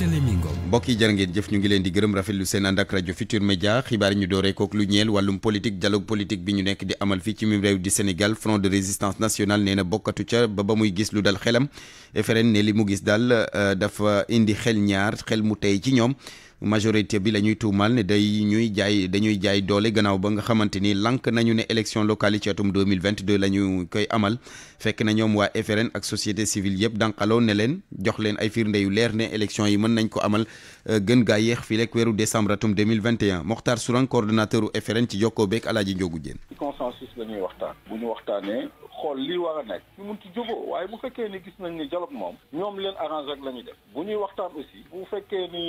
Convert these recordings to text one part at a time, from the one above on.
Barthélémy Ngom mbokk yi jërë ngeen jëf ñu ngi leen di gërëm rafetlu seen ànd ak rajo Futur Media xibaar yi ñu dooree kook lu ñeel wàllum politique dialogue politique bi ñu nekk di amal fii ci mim réew di Sénégal Front de Résistance Nationale nee na bokkatu ca ba ba muy gis lu dal xelam FRN ne li mu gis daal euh, dafa indi xel ñaar xel mu tey ci ñoom majorité bi la ñuy ne day jaay dañuy jaay doole gannaaw ba nga xamante ni lank nañu ne élection locale yi ci atum 2022 la ñu koy amal fekk na ñoom waa FRN ak société civile yëpp dànqaloo ne leen jox leen ay firnde yu leer ne élection yi mën nañ ko amal euh, gën gaa yéex fii rek weeru décembre atum 2021 Mokhtar Sourang coordonnateur u FRN ci jokkoo beeg Alaaji Njogu Jéen consensus la ñuy waxtaan bu ñu waxtaanee xool lii war a nekk ñu mun ci jógoo waaye bu fekkee ni gis nañ ni dialogue moom ñoom leen arrange rek la ñuy def bu ñuy waxtaan aussi bu fekkee ni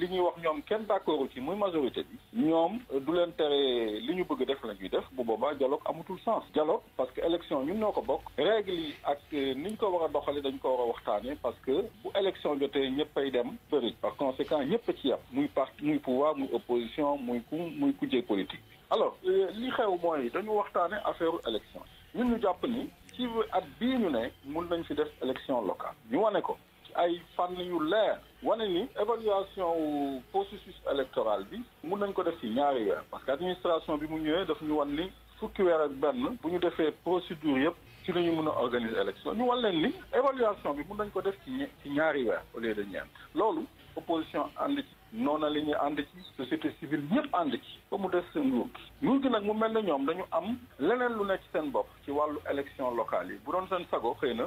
li ñuy wax ñoom kenn d'accord ci muy majorité bi ñoom du leen tere li ñu bëgg def la ñuy def bu boobaa dialogue amatul sens dialogue parce que élection ñun ñoo ko bokk règle yi ak euh, niñ ko war a doxale dañ ko war a waxtaane parce que bu élection jotee ñëppay dem bëri par conséquent ñëpp ci yem muy parti muy pouvoir muy opposition muy ku muy kujje politique alors euh, li xew mooy dañu waxtaane affaire élection ñun ñu jàpp ni ci at bii ñu ne mun nañ fi def élection locale ñu wane ko ci ay fànn yu leer wane ni évaluation wu processus électoral bi mun nañ ko def ci ñaari weer parce que administration bi mu ñëwee daf ñu wan ni fukki weer ak benn bu ñu defee procédure yëpp ci la ñu mën a organiser élection ñu wan leen ni évaluation bi mun nañ ko def ci ci ñaari weer au lieu de ñeent loolu opposition ànd ci noona la ñuy ànd ci société civile ñëpp ànd ci ba mu des seen nguur gi nguur gi nag mu mel ne ñoom dañu am leneen lu nekk seen bopp ci wàllu élection locale yi bu doon seen sago xëy na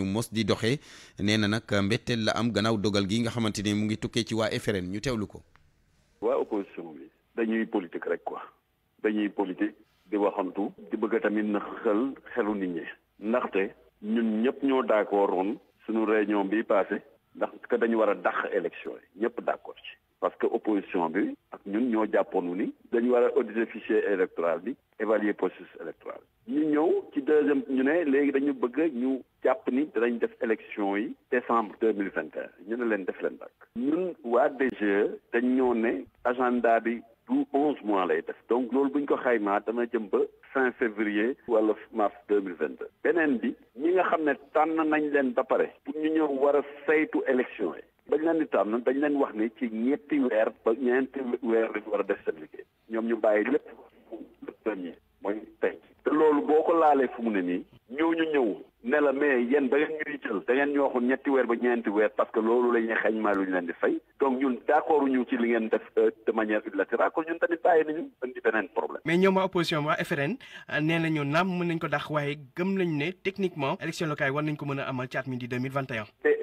mos di doxee nee na nag mbetteel la am gannaaw dogal gi nga xamante ni mu ngi tukkee ci waa FRN ñu teewlu ko. waa opposition bi dañuy politique rek quoi dañuy politique di waxantu di bëgg a tamit na xel xelu nit ñi ndaxte ñun ñëpp ñoo d' accord woon suñu réunion bi passé ndax que dañu war a dàq élection yi ñëpp d' accord ci. Parce que l'opposition a vu, nous avons dit que nous avons des fichiers électoraux, évaluer le processus électoral. Nous avons dit que nous allions des élections en décembre 2021. Nous avons déjà un agenda nous 11 mois. Donc, nous allons faire des élections en février ou mars 2021. nous avons dit que nous allions faire des élections bañ leen di tànn dañ leen wax ne ci ñetti weer ba ñeenti weer lañ war a def seen liggéey ñoom ñu bàyyi lépp ñi mooy tey te loolu boo ko laalee fu mu ne nii ñu ñëw ne la mais yéen ba ngeen ñuy jël da ngeen ñooxoon ñetti weer ba ñeenti weer parce que loolu lañ ñuy xañ maa lu ñu leen di fay donc ñun d' accord ñu ci li ngeen def euh, de manière unilatérale kon ñun tamit bàyyi nañu indi beneen problème. mais ñoom waa opposition waa FRN euh, nee nañu naam mën nañ ko dàq waaye gëm nañ ne techniquement élection locale war nañ ko mën a amal ci at mi di 2021.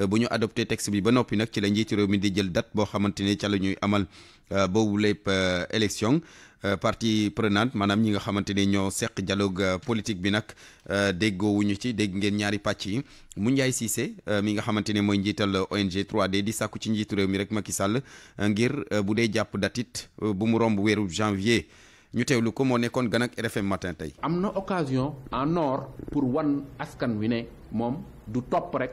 Euh, buñu adopté texte bi ba nopi nak ci la njiitu rew mi di jël date bo xamante ci la ñuy amal euh, bobu lépp euh, élection partie prenante manam ñi nga xamante ño sék dialogue politique bi nag déggoowuñu ci dégg ngeen ñaari pàcc yi Moundiaye Cissé mi nga xamante ne mooy ONG 3D di sàkku ci njiitu rew mi rek Macky Sall ngir bu dee datit bu mu romb wéru janvier ñu tewlu ko mo nekkoon gan ak RFM matin tay amna occasion en or pour wan askan wi ne mom du top rek.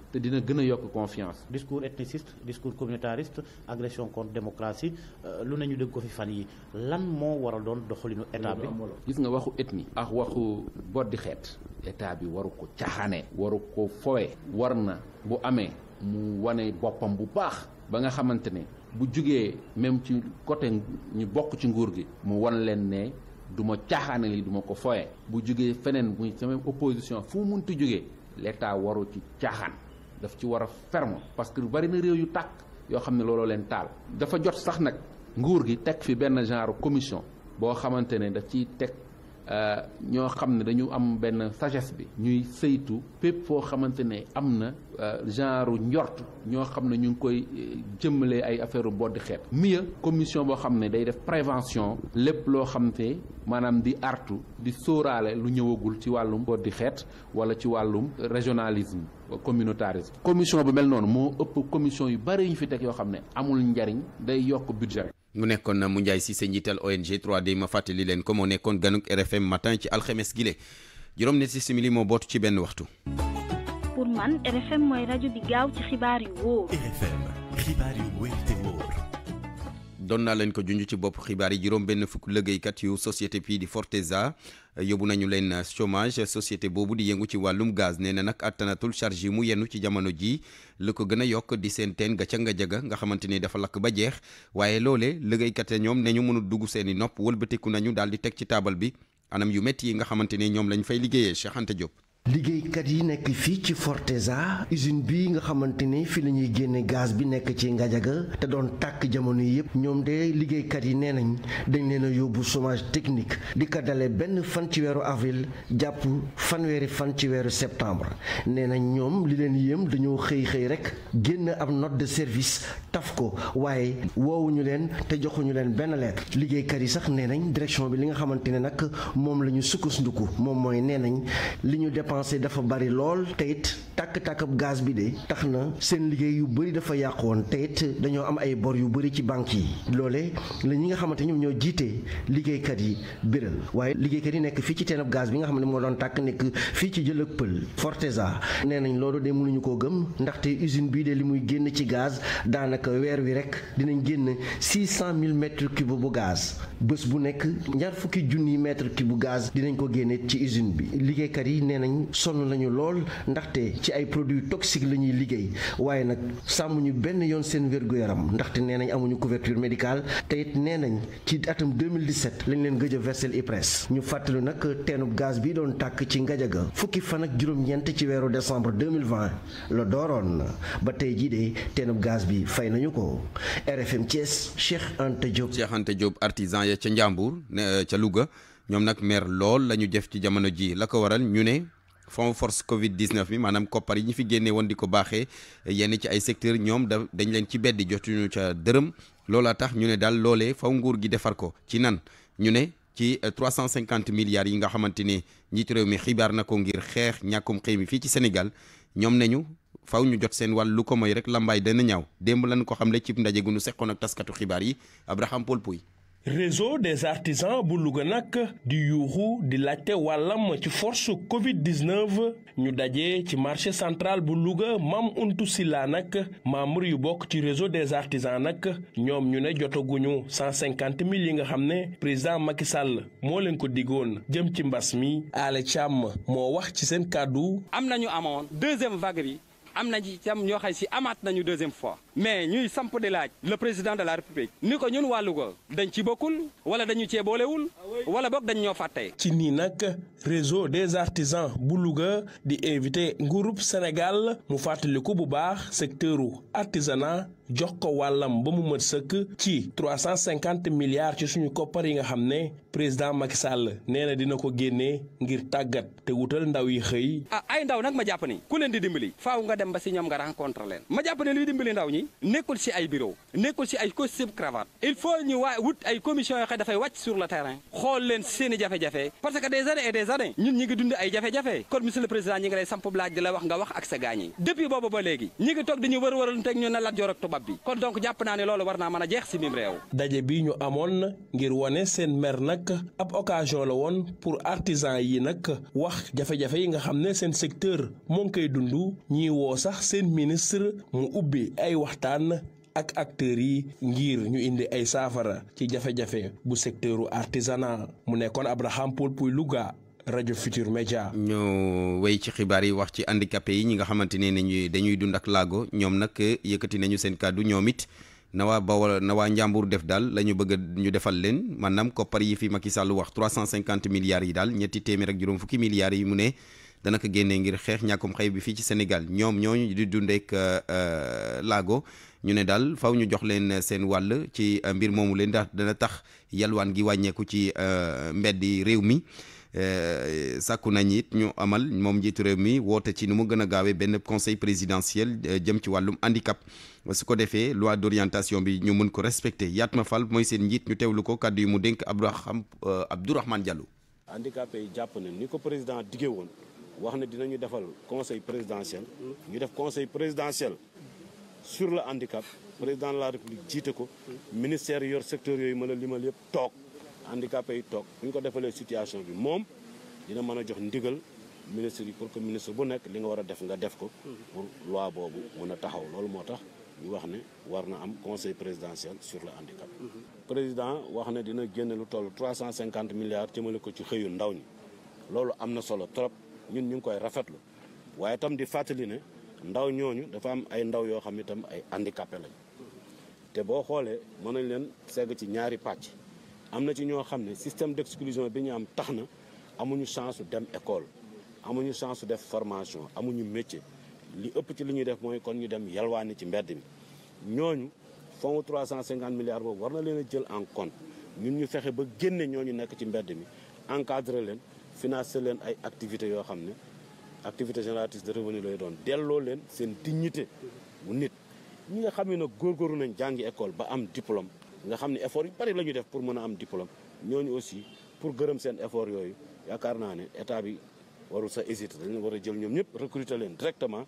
te dina gën a confiance. discours ethniciste discours communautariste agression contre démocratie euh, lu nañu dégg ko fi fan yi lan moo war a doon doxalinu état bi. gis nga waxu ethnie. ak waxu boddi xeet. état bi waru ko caaxaane. waru ko fowe. war na bu amee mu wane boppam bu baax. ba nga xamante ne bu jugee même ci côté ñu bokk ci nguur gi. mu wan leen ne du ma li du ko foye bu jugee feneen muy même opposition fu mu munti jugee l' waru ci caaxaan. daf ci war a ferme parce que bari na réew yu tàkk yoo xam ne looloo leen taal. dafa jot sax nag nguur gi teg fi benn genre commission boo xamante ne daf ciy teg. Euh, ñoo xam ne dañu am benn sagesse bi ñuy saytu pépp foo xamante ne am na euh, genre njort ñoo xam ne ñu ngi koy euh, jëmmalee ay affaire u boddi xeet mieux commission boo xam ne day def prévention lépp loo xam te maanaam di artu di sóoraale lu ñëwagul ci wàllum boddi xeet wala ci wàllum régionalisme communautarisme commission bu mel noonu moo ëpp commission yu bari ñu fi teg yoo xam ne amul njariñ day yokk budget mu nekkoon na Moundiaye Cissé njiital ONG 3D ma fàttali leen ko moo nekkoon ganuk RFM matin ci alxemes gile juróom ne si simili moo bootu ci benn waxtu. pour man RFM mooy rajo bi gaaw ci xibaar yu wóor. RFM xibaar yu wóor doon naa leen ko junj ci bopp xibaar yi juróom benn fukk liggéeykat yu société bii di Forteza eh, yóbbu nañu leen eh, chômage société boobu di yëngu ci wàllum gaz nee na nag attanatul charge mu yenu ci jamono jii lu ko gën a yokk di seen teen ga ca nga jaga nga xamante ni dafa lakk ba jeex waaye loole liggéeykat ñoom ne ñu mënul dugg seen i nopp wëlbatiku nañu daal di teg ci taabal bi anam yu métti yi nga xamante ni ñoom lañ fay liggéeyee Cheikh Anta liggéeykat yi nekk fii ci Forteza usine bi nga xamante ni fii la ñuy génne gaz bi nekk ci Ngadiaga te doon tàkk jamono yi yëpp ñoom de liggéeykat yi nee nañ dañ leen a yóbbu chômage technique di ko benn fan ci weeru avril jàpp fanweeri fan ci weeru septembre nee nañ ñoom li leen yéem dañoo xëy xëy rek génn ab note de service taf ko waaye woowuñu leen te joxuñu leen benn lettre liggéeykat yi sax nee nañ direction bi li nga xamante ne nag moom la ñu sukkandiku mooy nee nañ li ñu def dépensé dafa bari lool te tàkk-tàkkab gaz bi de tax na seen liggéey yu bëri dafa yàqu woon te dañoo am ay bor yu bëri ci banque yi loole la ñi nga xamante ñoom ñoo jiite liggéeykat yi biral waaye liggéeykat yi nekk fii ci teenab gaz bi nga xam ne moo doon tàkk nekk fii ci jëlëk pël Forteza nee nañ loolu de mënuñu koo gëm ndaxte usine bii de li muy génn ci gaz daanaka weer wi rek dinañ génn 600 000 mètres cube bu gaz bés bu nekk ñaar fukki junni mètre cube bu gaz dinañ ko génne ci usine bi liggéeykat yi nee nañ sonn nañu lool ci ay produit toxiques la ñuy liggéey waaye nag sàmmuñu benn yoon seen wér yaram ndaxte nee nañ amuñu couverture médical te it nee nañ ci atum 2017 lañ leen gëj a versé IPRES ñu fàttali nag teenub gaz bi doon tàkk ci Ngadiaga fukki fan ak juróom-ñeent ci weeru décembre 2020 la dooroon na ba tey jii de teenub gaz bi fay nañu ko RFM Thiès Cheikh Anta Diop. Cheikh Anta Diop artisan ya ca Njàmbur ca Louga ñoom nag mer lool la ñu jëf ci jamono ji la ko waral ñu ne. fond force Covid 19 bi maanaam koppar yi ñu fi génnee woon di ko baaxee yenn ci ay secteurs ñoom da dañ leen ci beddi jotuñu ca dërëm loolaa tax ñu ne daal loole faw nguur gi defar ko ci nan ñu ne ci euh, cent 350 milliards yi nga xamante ni njiitu réew mi xibaar na ko ngir xeex ñàkkum xëy mi fii ci Sénégal ñoom nañu faw ñu jot seen wàll lu ko mooy rek lambaay dana ñaw démb lañ ko xamle cib ndaje gu nu seqoon ak taskatu xibaar yi Abraham Paul Pouy réseau des artisans bu Louga nag di yuuxu di laajte wàllam ci force Covid 19 ñu daje ci marché centrale bu Louga mam untu silla nag membre yu bokk ci réseau des artisans nag ñoom ñu ne jotaguñu cent cinquante mille yi nga xam ne président Macky Sall moo leen ko diggoon jëm ci mbas mi. Alé Thiam moo wax ci seen kàddu. am nañu amoon deuxième vague am na ci tam ñoo xam si amaat nañu deuxième fois mais ñuy samp de laaj le président de la république ni ko ñun wàllu ko dañ ci bokkul wala dañu cee boolewul wala boog dañ ñoo fàtte. ci nii nag réseau des artisans bu Louga di invité nguurub Sénégal mu fàttaliku bu baax secteuru artisanat jox ko wàllam ba mu mën sëkk ci 350 milliards ci suñu koppar yi nga xam ne président Macky Sall dina ko génnee ngir tàggat te wutal ndaw yi xëy. ah ay ndaw nag ma jàpp ni ku leen di dimbali. faaw nga dem ba si ñoom nga rencontre leen. ma jàpp ne liy dimbali ndaw ñi. nekkul si ay bureau nekkul si ay costume cravate. il faut ñu waa wut ay commission yoo xam dafay wàcc sur le terrain. xool leen seen i jafe-jafe. parce que des années et ñun ñi ngi dund ay jafe kon donc jàpp naa ne loolu war naa mën a jeex si mim réew. daje bi ñu amoon ngir wane seen mer nag ab occasion la woon pour artisan yi nag wax jafe-jafe yi nga xam ne seen secteur moo ngi koy dund ñiy woo sax seen ministre mu ubbi ay waxtaan. ak acteurs yi ngir ñu indi ay saafara ci jafe-jafe bu secteuru artisanan mu nekkoon Abraham Paul Puy Louga rajo Futur Média. ñu wey ci xibaar yi wax ci handicapé yi ñi nga xamante ni nañuy dañuy dund ak laago ñoom nag yëkkati nañu seen kàddu ñoom it na waa Bawol na waa Njàmbur def daal la ñu bëgg ñu defal leen maanaam koppar yi fi Macky Sall wax 350 milliards yi daal ñetti téeméer ak juróom fukki milliards yi mu ne dana ko génnee ngir xeex ñàkkum xëy bi fii ci Sénégal ñoom ñooñu di dundeek euh, euh, laago ñu ne daal faw ñu jox leen seen wàll ci euh, mbir moomu leen daal dana tax yalwaan gi wàññeeku ci mbedd réew mi. Eh, sàkku nañ it ñu amal moom njiitu réew mi woote ci nu mu gën a gaawee benn conseil présidentiel eh, jëm ci wàllum handicap su ko defee loi d'orientation bi ñu mën ko respecté ma Fall mooy seen njiit ñu teewlu ko kàddu yi mu dénk Abdouraham eh, Abdourahmane Diallo. handicapé yi jàpp ne ni ko président diggee woon wax dina ñu defal conseil présidentiel. ñu def conseil présidentiel. sur le handicap président de la république jiite ko ministère yor secteur yooyu ma la limal yëpp toog. handicapé yi toog bu ñu ko defalee situation bi moom dina mën a jox ndigal ministre yi pour que ministre bu nekk li nga war a def nga def ko pour loi boobu mën a taxaw loolu moo tax ñu wax ne war na am conseil présidentiel sur le handicap président wax ne dina génne lu trois toll 350 milliards jëmale ko ci xëyu ndaw ñi loolu am na solo trop ñun ñu ngi koy rafetlu waaye tam di fàttali ne ndaw ñooñu dafa am ay ndaw yoo xam ne tam ay handicapé lañ te boo xoolee mën nañ leen segg ci ñaari pàcc am na ci ñoo xam ne système d'exclusion bi ñu am tax na amuñu chance su dem école amuñu chance su def formation amuñu métier li ëpp ci li ñuy def mooy kon ñu dem yalwaani ci mbedd mi ñooñu fonds 350 milliards boobu war leen a jël en ñun ñu fexe ba génne ñooñu nekk ci mbedd mi encadré leen financé leen ay activités yoo xam ne activité génératrice de revenu lay doon delloo leen seen dignité bu nit ñi nga xam ne nag góorgóorlu nañ jàngi école ba am diplôme nga xam ne effort yu bari la ñu def pour mën a am diplôme ñooñu aussi pour gërëm seen effort yooyu yaakaar naa ne état bi warul sa hésiter dañu war a jël ñoom ñëpp recruter leen directement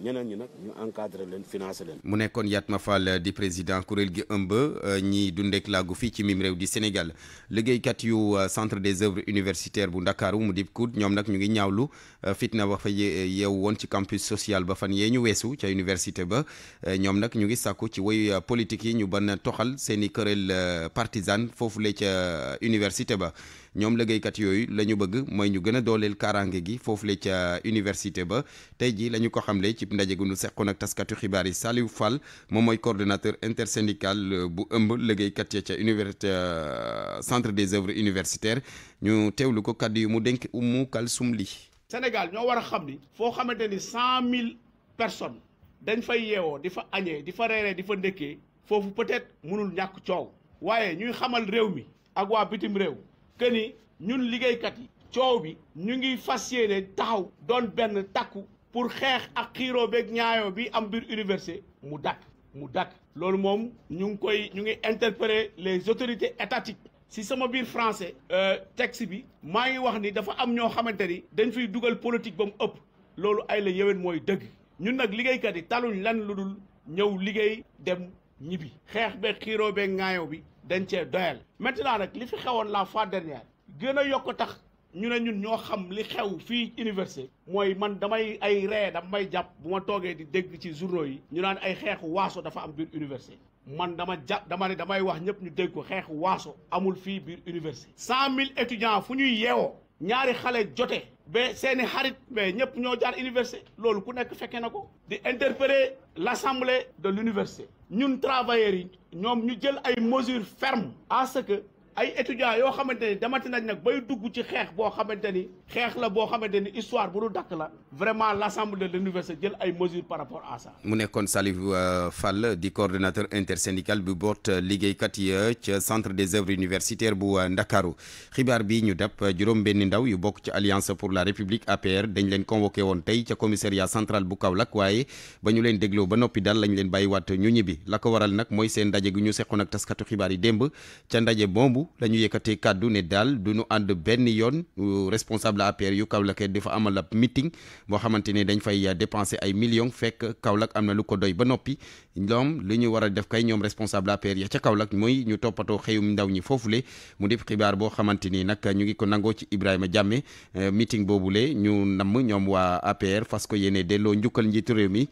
ñeneen ñi nag ñu encadré leen financé leen. mu nekkoon yaat Yatma Fall di président kuréel gi ëmb euh, ñiy dundeek laagu fii ci mim réew di Sénégal liggéeykat yu euh, centre des œuvres universitaires bu Ndakaaru mu dib kuut ñoom nag ñu ngi ñaawlu euh, fitna wax fa yeew woon ci campus social ba fan yee ñu weesu ca université ba ñoom nag ñu ngi sàkku ci woy politique yi ñu ban toxal seen i kuréel partisan foofu le ca université ba. ñoom liggéeykat yooyu la ñu bëgg mooy ñu gën a dooleel kaaraange gi foofu le ca université ba tey ji la ñu ko xamle ci ndaje gu ñu seqoon ak taskatu xibaar yi Saliou Fall moom mooy coordonnateur intersyndical euh, bu ëmb liggéeykat ya ca université euh, centre des œuvres universitaires ñu teewlu ko kàddu yi mu dénk Oumou Kalsoum li Sénégal ñoo war a xam ni foo xamante ni cent mille personnes dañ fay yeewoo di fa añee di fa reeree di fa ndékkee foofu peut-être mënul ñàkk coow waaye ñuy xamal réew mi ak bitim réew que ni ñun liggéeykat yi coow bi ñu ngi fas yéene taxaw doon benn takku pour xeex ak xiiroo beeg ñaayoo bi am biir université mu dakk mu dakk loolu moom ñu ngi koy ñu ngi interpeller les autorités étatiques si sama biir français euh, texte bi maa ngi wax ni dafa am ñoo xamante ni dañ fiy dugal politique ba mu ëpp loolu ay la yéwén mooy dëgg ñun nag liggéeykat yi taluñ lan lu dul ñëw liggéey dem ñibbi xeex beeg xiiroo beeg ñaayoo bi dañ cee doyal maintenant nag li fi xewoon la fois dernière gën yok tax ñu ne ñun ño xam li xew fi université moy man damay ay ré damay japp buma togué di dégg ci journaux yi ñu naan ay xeexu waaso dafa am biir université man dama japp dama ne damay wax ñëpp ñu dégg ko xeexu waaso amul fi biir université 100000 étudiants fu ñuy yeewoo ñaari xalé joté bé séni xarit bé ñëpp ñoo jaar université loolu ku nekk féké nako di interpeller l'assemblée de l'université ñun travailleurs yi ñoom ñu jël ay mesures fermes à ce que ay étudiants yoo xamante ni damati nañ nag bay dugg ci xeex boo xamante ni xeex la boo xamante ni histoire bu du dakk la vraiment l' de l' université jël ay mesures par rapport à ça. mu nekkoon Salif euh, Fall di coordinateur intersyndical bu boot euh, liggéeykat yi ci centre des œuvres universitaires bu euh, ndakaru. xibaar bi ñu dab juróom-benni ndaw yu bokk ci alliance pour la république APR dañ leen convoqué woon tey ca commissariat central bu Kaolack waaye ba ñu leen dégloo ba noppi dal lañ leen bàyyiwaat ñu ñibbi la ko waral nag mooy seen ndaje gu ñu seqoon ak taskatu xibaar yi démb ca ndaje bombu démb la ñu yëkkatee kàddu ne daal du ñu ànd benn yoon responsable APR yu Kaolack dafa amal ab meeting boo xamante ne dañ fay dépenser ay million fekk Kaolack am na lu ko doy ba noppi ñoom li ñu war a def kay ñoom responsable APR ya ca Kaolack mooy ñu toppatoo xëyum ndaw ñi foofu foofule mu def xibaar boo xamante ni nag ñu ngi ko nangoo ci Ibrahima Diame eh, boobu le ñu namm ñoom waa APR fas ko yéene delloo njukkal njiitu réew mi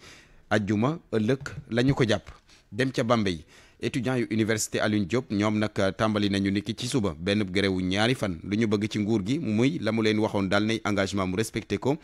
ajjuma ëllëg lañu ko jàpp dem ca Bambey étudiants yu université Alioune Diop ñoom nag tàmbali nañu ni ci suba benn gréwu ñaari fan lu ñu bëgg ci nguur gi muy la mu leen waxoon daal nay engagement mu respecté ko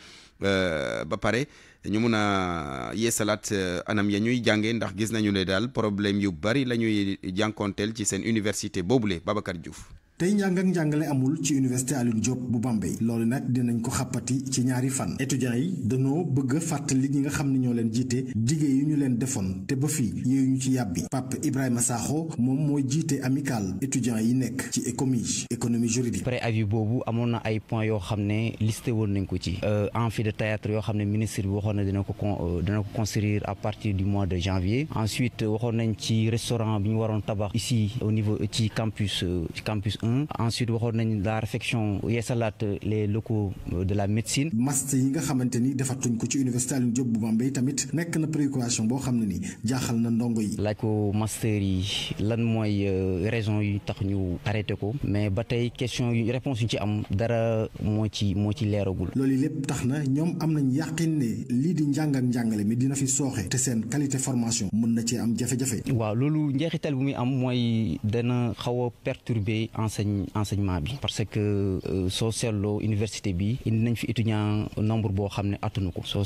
euh, ba pare ñu mun a yeesalaat euh, anam ya ñuy jàngee ndax gis nañu ne daal problème yu bari la ñuy jànkoonteel ci seen université boobule Babacar Diouf. tey njàng ak njàngale amul ci université Alioune Diop bu Bambey loolu nag dinañ ko xàppati ci ñaari fan étudiants yi danoo bëgg a fàttali ñi nga xam ne ñoo leen jiite dige yi ñu leen defoon te ba fii yooyu ñu ci yàbbi Pape Ibrahima Sakho moom mooy jiite amical étudiants yi nekk ci économie économie juridique. avis boobu amoon na ay points yoo xam ne listé woon nañ ko ci. amphithéâtre euh, yoo xam ne ministre bi waxoon na dina ko euh, dina ko construire à partir du mois de janvier ensuite waxoon nañ ci restaurant bi ñu waroon tabax ici au niveau ci campus euh, ci campus 1. Mmh. ensuite waxoon nañ la réfection yeesalaat les locaux de la médecine. Master yi nga xamanteni defatuñ ko ci université Alioune Diop bu Bambey tamit nek na préoccupation bo xam ni na ndongo yi. laaj ko master yi lan moy euh, raison yu tax ñu arrêté ko mais batay question yu réponse yu ci am dara mo ci mo ci leeragul. loolu lepp taxna ñom leading am nañ yàqin ne di njàng ak mi dina fi soxé te sen qualité formation mën na ci am jafe jafé Wa lulu njeexital bu muy am moy dana xaw perturbé perturber enseignement bi parce que euh, social lo université bi indi nañ fi étudiant nombre bo xamné atunu ko soo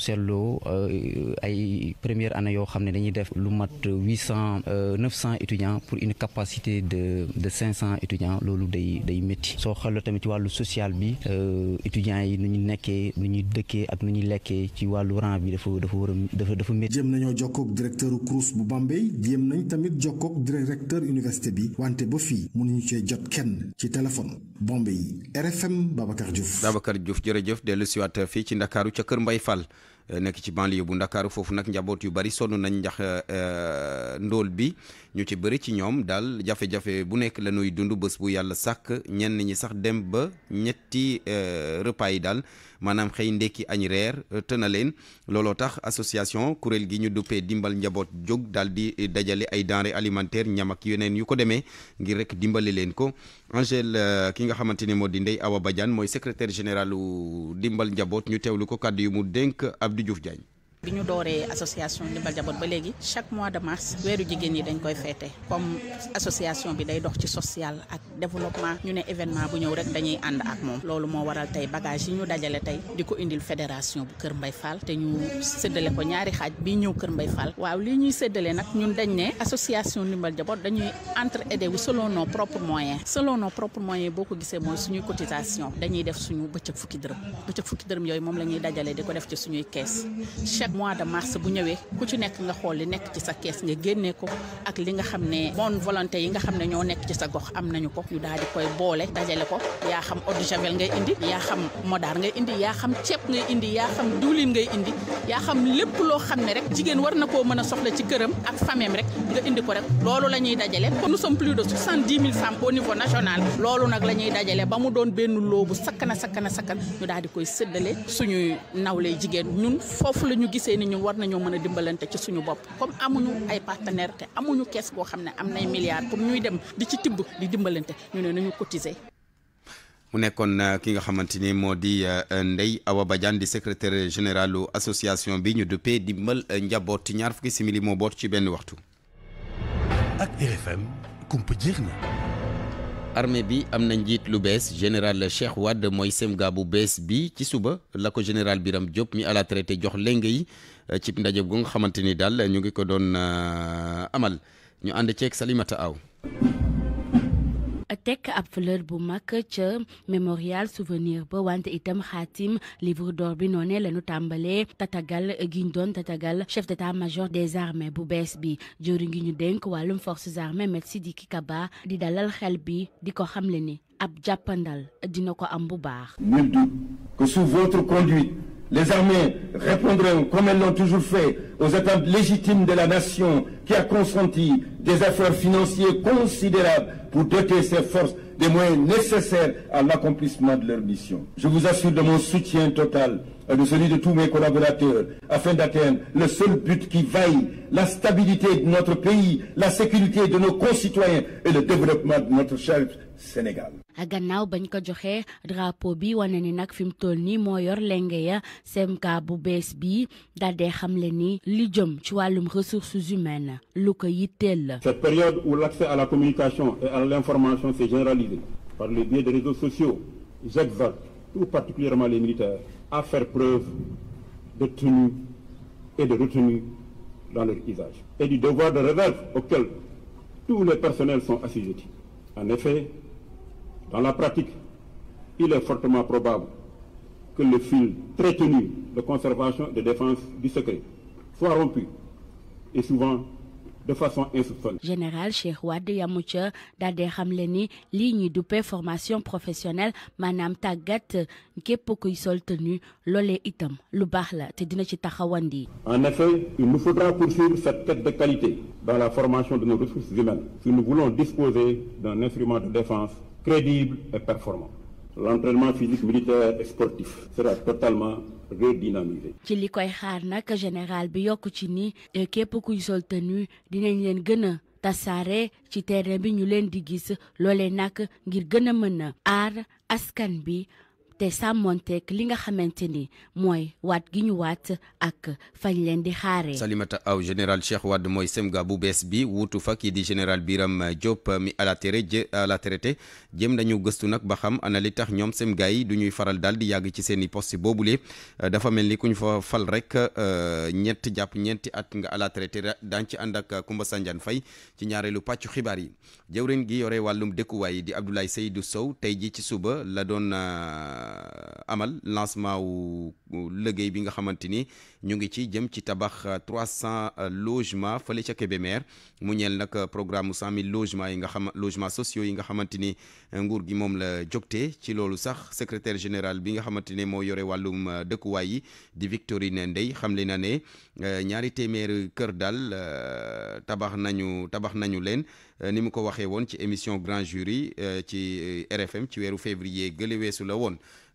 euh, ay première année yo xamné dañuy def lu mat 800 900 euh, étudiants pour une capacité de de cinq étudiants l'eau day day metti so xeloo tamit ci walu social bi étudiant yi nu ñu nekkee nu ñuy dëkkee ak nu ci walu rang bi dafa dafa a dafa dafa métti. jéem nañoo directeur CROUS bu Bambey jéem nañ tamit directeur université bi wante ba fii mënuñu ci jot kenn. Birane ci téléphone Bombay RFM Babacar Diouf. Babacar Diouf jërëjëf dellu siwaat fii ci Ndakaaru ca Kër Mbay Fall. Eh, nek ci banlieue bu ndakaaru fofu nak njabot yu bari sonu nañ ndax eh, eh, ndol bi ñu ci bëri ci ñom dal jafe-jafe bu nek la ñuy dund bés bu yalla sàkk ñenn ñi sax dem ba ñetti repas yi dal manam xey ndekki añ reer te na tax association Kurel gi ñu duppee dimbal Njabot jog dal di dajale ay denrées alimentaires ñam ak yeneen yu ko démé ngir rek dimbalé len ko Angèle ki nga xamanteni modi ndey Awa Badiane moy secrétaire général dimbal Njabot ñu tewlu ko kaddu yu mu denk Abdou Diouf Diagne bi ñu dooree association ndimbal njaboot ba léegi chaque mois de mars weeru jigéen ñi dañ koy feete comme association bi day dox ci social ak développement ñu ne événement bu ñëw rek dañuy ànd ak moom loolu moo waral tey bagage yi ñu dajale tey di ko indil fédération bu Kër Mbay faal te ñu séddale ko ñaari xaaj bi ñëw Kër Mbay Fall waaw lii ñuy séddale nag ñun dañ ne association ndimbal njaboot dañuy entre aider wu selon nos propres moyens selon boo ko gisee mooy suñuy cotisation dañuy def suñu bëccëg fukki dërëm bëccëg fukki yooyu moom la ñuy dajale di ko def ci suñuy kees mois de mars bu ñëwee ku ci nekk nga xool li nekk ci sa kees nga génnee ko ak li nga xam ne bonne volonté yi nga xam ne ñoo nekk ci sa gox am nañu ko ñu daal di koy boole dajale ko yaa xam eau de javel ngay indi yaa xam modaar ngay indi yaa xam ceeb ngay indi yaa xam diwlin ngay indi yaa xam lépp loo xam ne rek jigéen war na koo mën a soxla ci këram ak fameem rek nga indi ko rek loolu la ñuy dajale nous sommes plus de soixante-dix mille femmes au niveau national loolu nag la ñuy dajale ba mu doon benn loobu sakkan a sakkan a sakkan ñu daal di koy séddale suñuy nawle gisee ni ñun war nañoo mën a dimbalante ci suñu bopp comme amuñu ay partenaire te amuñu kees boo xam ne am nay milliards pour ñuy dem di ci tibb di dimbalante ñu ne nañu cotiser. mu nekkoon euh, ki nga xamante ni moo di euh, Ndeye Awa Badiane di secrétaire généralu association bi ñu duppee dimbal njaboot ñaar fukki simili moo boot ci benn waxtu. ak RFM kumpa jeex na. armée bi am na njiit lu bees général Cheikh Wade mooy semga bu bees bi ci suba la ko général Biram Diop mi à la traité jox lenge yi euh, ci ndaje gu nga xamante ni daal ñu ngi ko doon euh, amal ñu ànd ceeg Salimata Aw tek ab fleur bu mémorial souvenir ba wante itam xaatim livre d'or bi noonee tatagal gindon tatagal chef d'état-major des armées bu bees bi forces armées merci Sidiki Kaba di dalal xel bi di ko xamle ni ab que sous votre conduite les armées répondront, comme elles l'ont toujours fait, aux attentes légitimes de la nation qui a consenti des efforts financiers considérables pour doter ses forces des moyens nécessaires à l'accomplissement de leur mission. Je vous assure de mon soutien total et de celui de tous mes collaborateurs afin d'atteindre le seul but qui vaille, la stabilité de notre pays, la sécurité de nos concitoyens et le développement de notre chef Sénégal. ressources humaines cette période où l'accès à la communication et à l'information s'est généralisé par le biais des réseaux sociaux j'exhorte tout particulièrement les militaires à faire preuve de tenue et de retenue dans leur usage et du devoir de réserve auquel tous les personnels sont assujettis en effet dans la pratique, il est fortement probable que le fil très tenu de conservation de défense du secret soit rompu et souvent de façon insoupçonnée. Général Cheikh Wade Yamoucha formation professionnelle Madame Tagat, itam En effet, il nous faudra poursuivre cette quête de qualité dans la formation de nos ressources humaines si nous voulons disposer d'un instrument de défense crédible et performant. L'entraînement physique militaire et sportif sera totalement redynamisé. ci li koy xaar nak général bi yok ci ni eh, képp kuy sol tenue dinañ leen gëna tassaré ci terrain bi ñu leen di gis loolee ngir gëna mëna ar askan bi te sàmmonteeg li nga xamante ni mooy waat gi ñu waat ak fañ leen di xaaree. Salimata Aw général Cheikh Wade mooy semga bu bees bi wuutu fa kii di général Birame Diop mi à jë traité à la traité jëm nañu gëstu nag ba xam ana li tax ñoom semga yi du ñuy faral daal di yàgg ci seen i boobu boobule dafa mel ni ku ñu fa fal rek euh, ñett jàpp ñeenti at nga à la traité ci ànd ak Koumba Sandiane Faye ci ñaareelu pàccu xibaar yi jëwrin gi yore wàllum dëkkuwaay di Abdoulaye Seydou Sow tey ji ci suba la doon. Euh, Euh, amal lancement ou le bi nga xamanteni ñu ngi ci jëm ci tabax 300 euh, logements fele ci Kébémer mu ñel nak euh, programme cent mille logements yi nga logements sociaux yi nga xamanteni nguur gi mom la ci lolu sax secrétaire général bi nga xamanteni mo yoré walum wàllum yi di Victorine xam xamle na né ñaari téeméeri kër dal tabax nañu tabax nañu ni ko ci émission Grand Jury ci RFM ci wéru février gële wésu la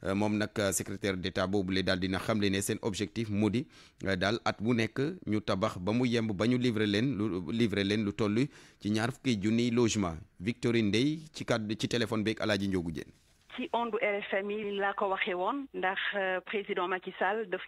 euh, Mom nak euh, secrétaire d'état le dal dina le ne sen objectif modi. Euh, d'al, at bu nek ñu tabax ba mu yemb ba ñu livrer len livrer len lu tollu logement Victorine ci ci président Macky Sall daf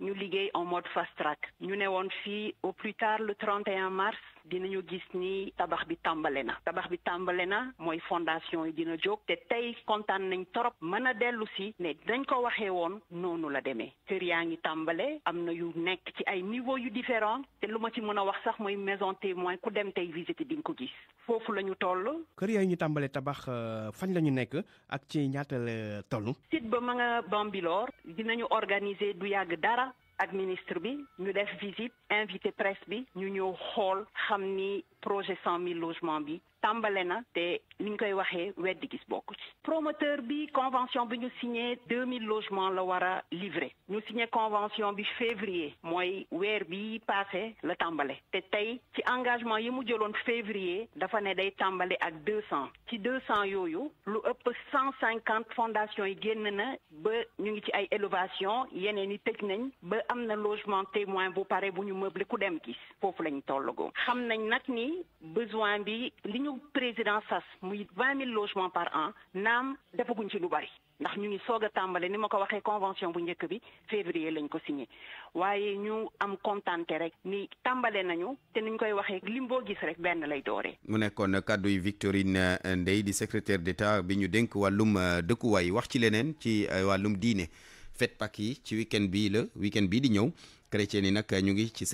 ñu liggéey en mode fast track ñu ne woon fii au plus tard le 31 mars dinañu gis ni tabax bi tàmbale na tabax bi tàmbale na fondation yi dina jóg te tey kontaan nañ torop mën a dellu si ne dañ ko waxee woon noonu la demee kër yaa ngi tàmbale am na yu nekk ci ay niveau yu différent te lu ma ci mën a wax sax mooy maison témoin ku dem tey visiter di ko gis foofu la ñu toll. kër yooyu ñu tàmbale tabax euh, fañ la ñu nekk ak ci ñaata la toll. site ba ma nga Bambilor dinañu organiser du yàgg dara administre bi ñu def visite invité presse bi ñu nous avons xam ni projet 100 000 logements tambalé na té ni ngui koy waxee gis bokku ci promoteur bi convention bi ñu signé 2000 logements la wara a livré ñu signé convention bi février moy weer bi passé le tambalé té tey ci engagement yi mu jëloon février dafa né day tambalé ak 200 ci 200 yoyu lu ëpp 150 fondations yi génn na ba ñu ngi ci ay élévation yeneen yi tëj nañ ba am na logement témoin bu pare bu ñu meublé ku dem gis fofu lañ tollagoo xam nañ nak ni besoin bi li ñu mbirum sas muy 20 logements par an nam defaguñ ci lu bari ndax ñu ngi soog a ni ko convention bu njëkk bi février lañ ko signé waaye ñu am content rek ni tàmbale nañu te niñ koy waxee limbo gis rek lay Victorine euh, secrétaire d'État bi ñu dénk wàllum euh, dëkkuwaay wax ci leneen ci euh, wàllum diine fête pak yi ci week-end bii week-end di ñëw chrétien yi ñu ci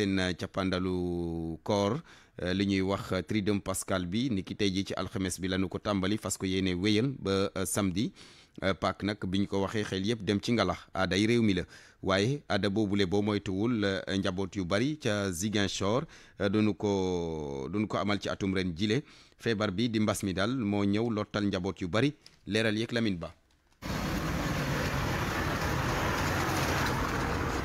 Euh, li ñuy wax euh, tridème pascal bi ni ki tey ji ci alxames bi lañu ko tàmbali fas ko yéene wéyal ba euh, samedi paak nag bi ñu ko waxee xel yëpp dem ci ngalax aaday réew mi la waaye aada boobule boo moytuwul njaboot yu bari ca Ziguinchor duñu ko duñu ko amal ci atum ren jile feebar bi di mbas mi daal moo ñëw lottal njaboot yu bari leeral yeeg Lamine Ba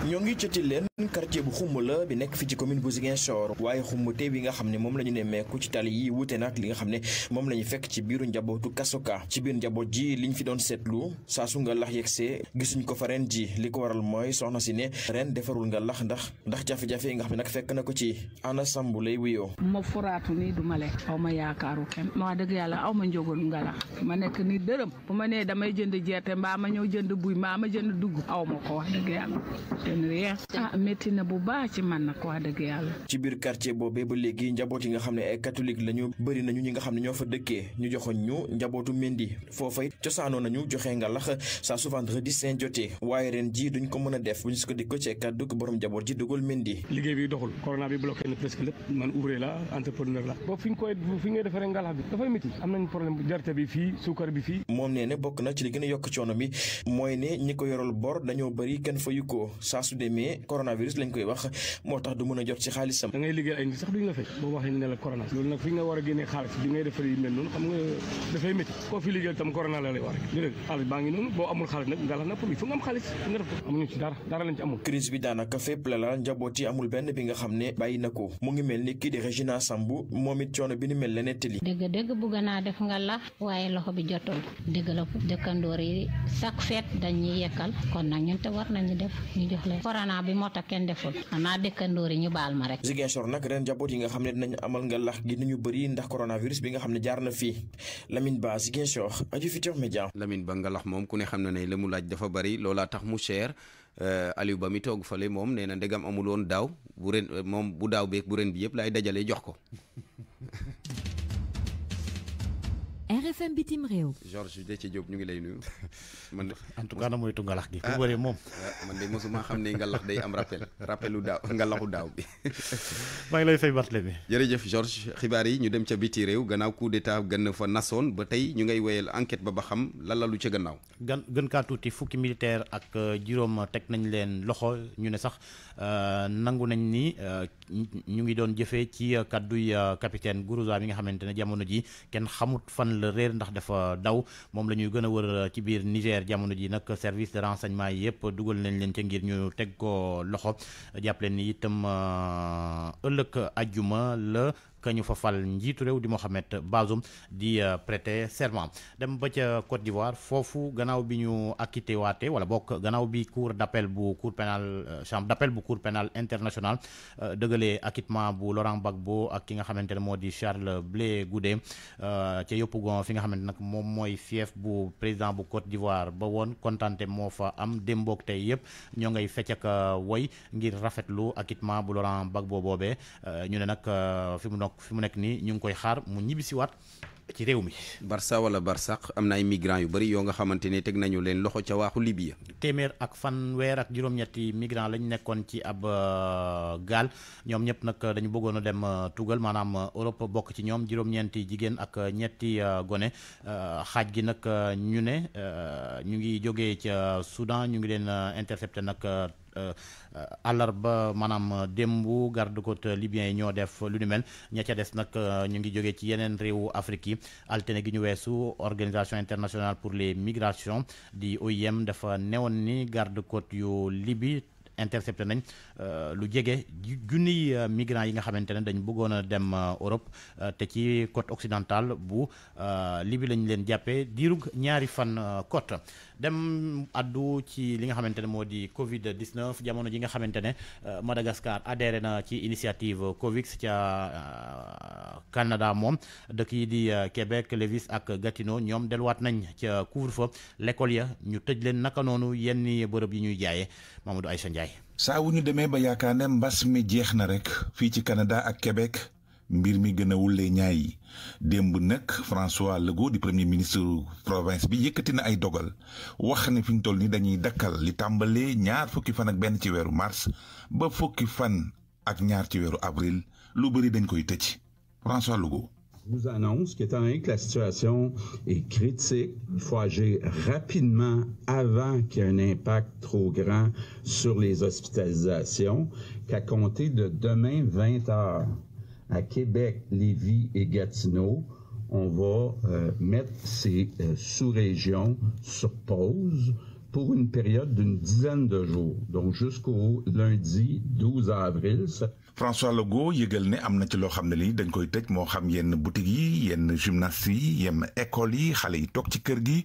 ñoo ngi joti leen quartier bu xumb la bi nekk fi ci commune bu Ziguinchor waaye xumbute bi nga xam ne moom la ñu ci tali yi wute nag li nga xam ne moom fekk ci biiru njabootu kasoka ci biir njaboot ji liñ fi doon seetlu saa su nga lax yegsee gisuñ ko fa ren ji li ko waral mooy soxna si ne ren defarul nga lax ndax ndax jafe-jafe nga xam ne fekk na ko ci ana sambu lay wuyoo ma furaatu nii du ma lekk aw ma yaakaaru kenn ma dëgg yàlla aw ma njógoon nga lax ma nekk ni dërëm bu ma nee damay jënd jerte mbaa ma ñëw jënd buy mbaa ma jënd dugg aw ma ko wax dëgg yàlla rien ah métti na bu baax ci man nag wax dëgg yàlla. ci biir quartier boobee ba léegi njaboot yi nga xam ne ay catholique lañu bëri nañu ñi nga xam ne ñoo fa dëkkee ñu joxoon ñu njabootu Mendy foofay cosaanoo nañu joxe nga lax saa su vendredi saint jotee waaye ren jii duñ ko mën a def bu ñu sukkandikoo ci kàddu borom njaboot ji dugal Mendy. liggéey bi doxul corona bi bloqué na presque lépp man ouvrier la entrepreneur la. ba fi ngay defaree ngalax bi dafay métti bokk na ci li gën yokk coono mi mooy ne ñi ko yoral bor dañoo bëri kenn fayu ko su demee coronavirus lañ koy wax motax du mëna jot ci xaalisam. da ngay liggéey ay nit sax duñ la fay bo waxee ni la corona lool nak fi nga wara gëné génnee xaalis bi ngay defal yi mel non xam nga da fay metti ko fi liggéeyal tam corona la lay war rek dégg xaalis baa ngi noonu boo amul xaalis nak nga la napp bi fu nga am xaalis nga def ko ñu ci dara dara lañ ci amul crise bi daanaka fepp la la njaboot amul benn bi nga xamné bayyi nako mu ngi melni ki di Régina sambu momit ciono bi ni mel la netti dëgg dëgg bu gëna def nga la waye loxo bi jotul dëgg la dëkkandoor yi chaque fête dañuy yékkal kon nak ñun té war nañu def ñu jox la corona bi moo tax kenn deful naa dëkkandoor yi ñu baal ma rek. Ziguinchor nag ren njaboot yi nga xam ne dinañ amal nga lax gi ñu bëri ndax coronavirus bi nga xam ne jaar na fii Lamine Ba Ziguinchor Rajo Futurs Médias. Lamine Ba nga lax moom ku ne xam na ne la mu laaj dafa bëri loolaa tax mu cher euh, Aliou Ba mi toog fale moom nee na ndegam amul woon daaw bu ren moom bu daaw beeg bu ren bi yëpp laay dajale jox ko. RFM bitim réew. Georges ñu ngi lay nuyu. man en tout cas na mooy gi. ah bëree moom. Ah, man de mosuma xam ne ngalax day am rappel rappelu daaw ngalaxu daaw bi. maa ngi lay fay Barthélémy. jërëjëf Georges xibaar yi ñu dem ca biti réew gannaaw coup d'état gën fa nasoon ba tey ñu ngay wéyal enquête ba ba xam lan la lu ca gannaaw. gan gën kaa tuuti fukki militaire ak euh, juróom teg nañ leen loxo ñu ne sax euh, nangu nañ ni euh, ñu ngi doon jëfe ci kadduy capitaine Gourouza mi nga xamante ne jamono ji réer ndax dafa daw moom la ñuy gën a wër euh, ci biir Niger jamono ji nag service de renseignement yi yëpp dugal nañ leen ca ngir ñu teg ko loxo jàpp leen ni itam euh, ëllëg ajjuma la ka ñu fa fal njiitu rew di Mohamed Bazoum di euh, prêter serment dem ba ca Côte d'Ivoire fofu gannaaw bi ñu acquitté waté wala bok gannaaw bi cour d'appel bu cour pénal euh, chambre d'appel bu cour pénal international euh, dëgalee acquittement bu Laurent Bagbo, ak ki nga xamantene modi di Charles Blé Goudé ca yopugon fi nga xamantene nak mom moy fief bu président bu Côte d'Ivoire ba won contenté mo fa am démboog tay yëpp ñoo ngay fecc ak way ngir rafetlu acquittement bu Laurent Bagbo Bobé. ñu né nak fi mu fi mu nekk nii ñu ngi koy xaar mu ñibbisiwaat ci réew mi. Barça wala Barsaq am na ay migrants yu bari yoo nga xamante ne teg nañu leen loxo ca waaxu Libya. téeméer ak fanweer ak juróom-ñetti migrants lañ nekkoon ci ab euh, gaal ñoom ñëpp nag dañu bëggoon a dem euh, tugal maanaam euh, Europe bokk ci ñoom juróom-ñeenti jigéen ak ñetti gone xaaj gi nag ñu ne ñu ngi jógee ca Soudan ñu ngi leen intercepté nag. Euh, euh, àllarba maanaam démbu garde côte libyen yi ñoo def lu ni mel ña ca des nag euh, ñu ngi jógee ci yeneen réewu Afrique yi altine gi ñu weesu organisation internationale pour les migrations di OIM dafa newoon ni garde côte yu Libye intercepté nañ lu jege junniy euh, migrants yi nga xamante ne dañ bëggoon a dem euh, Europe euh, te ci côte occidentale bu libi lañ leen jàppee diirug ñaari fan côte dem addu ci li nga xamante ne moo di Covid 19 jamono ji nga xamante ne Madagascar adhéré na ci initiative Covix ca Canada moom dëkk yi di Québec Lévis ak Gatineau ñoom delluwaat nañ ca couvre-feu l'école ya ñu tëj leen naka noonu yenn bërëb yi ñuy jaayee Mamadou Aïcha Ndiaye. saa wu ñu demee ba yaakaar ne mbas mi jeex na rek fii ci kanadaa ak Québec mbir mi gën a wulee ñaay démb nag François Legault di premier ministre province bi yëkkati na ay dogal wax ne fi ñu toll ni dañuy dakkal li tàmbalee ñaar fukki fan ak benn ci weeru mars ba fukki fan ak ñaar ci weeru abril lu bëri dañ koy tëj François Legault vous annonce qu'étant donné que la situation est critique, il faut agir rapidement avant qu'il y ait un impact trop grand sur les hospitalisations, qu'à compter de demain 20 heures, à Québec, Lévis et Gatineau, on va euh, mettre ces euh, sous-régions sur pause pour une période d'une dizaine de jours, donc jusqu'au lundi 12 avril. François Legault yëgal né amna ci lo xamné li dañ koy tej mo xam yenn boutique yi yenn gymnastes yi yenn école yi xalé yi tok ci kër gi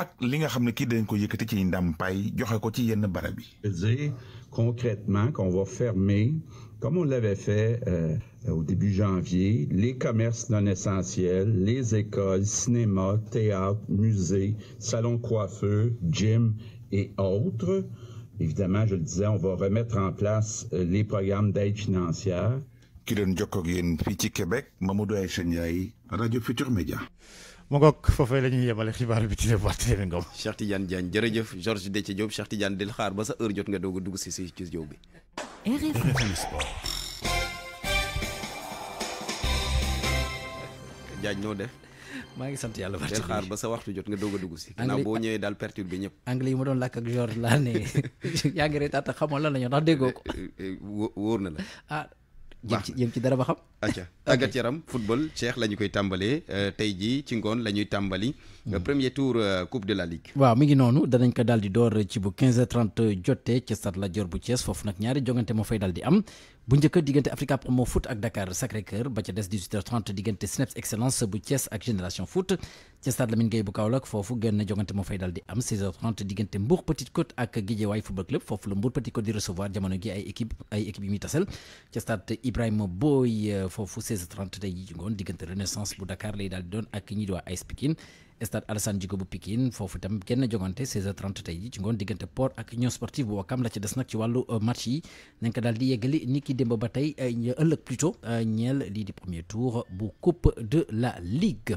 ak li nga xamné ki dañ ko yëkëti ci pay joxé ko ci yenn barab yi. dire concrètement qu'on va fermer comme on l'avait fait euh, au début janvier les commerces non essentiels les écoles cinéma théâtre musée salon coiffeur gym et autres. Évidemment, je le disais, on va remettre en place euh, les programmes d'aide financière. ki doon jokkoo ak yéen ci Québec Mamadou Aïcha Radio rajo Futur Média. mu ngoog foofee la ñuy yemale xibaar bi ci Barthélémy Ngom. Cheikh Tidiane Diagne jërëjëf Georges Déthié Diop Cheikh Tidiane del xaar ba sa heure jot nga doog a dugg si si ci jow bi. RFM Sport. Diagne no def. maa ngi sant yàlla ba xaar ba sa waxtu jot nga doog a dugg si ginnaaw boo ñëwee daal perturbe bi ñëpp anglais yi ma doon làkk ak George laa ne yaa ngi retaata xamoon lan la ñu ndax déggoo ko eh, eh, wóor na la ah jëm ci jëm dara ba xam acca tàggat yaram la ñu koy tàmbalee euh, tey jii ci ngoon la ñuy tàmbali hmm. euh, premier tour euh, coupe de la ligue waaw mu ngi noonu danañ ko daal di door ci bu 15h30 jotee ci stade Lat bu Thiès foofu nag ñaari jongante moo fay daal di am bu njëkk diggante Africa Promo Foot ak Dakar Sacré-Cœur ba ca dess 18h30 diggante Snaps Excellence bu Thiès ak Génération Foot ci stade Lamine Gueye bu Kaolack fofu genn jongante mo fay daldi am 16h30 diggante Mbour Petite Côte ak Guédiawaye Football Club fofu le Mbour Petite Côte di recevoir jamono gi ay équipe ay équipe yi stade Ibrahima Boy fofu 16h30 tey Renaissance bu Dakar lay daldi don ak ñi di waa AS stade Alassane Djigo bu Pikine foofu 16h30 ci port ak union sportive bu Wakam la euh, match yi yeggali euh, euh, di premier tour bu coupe de la ligue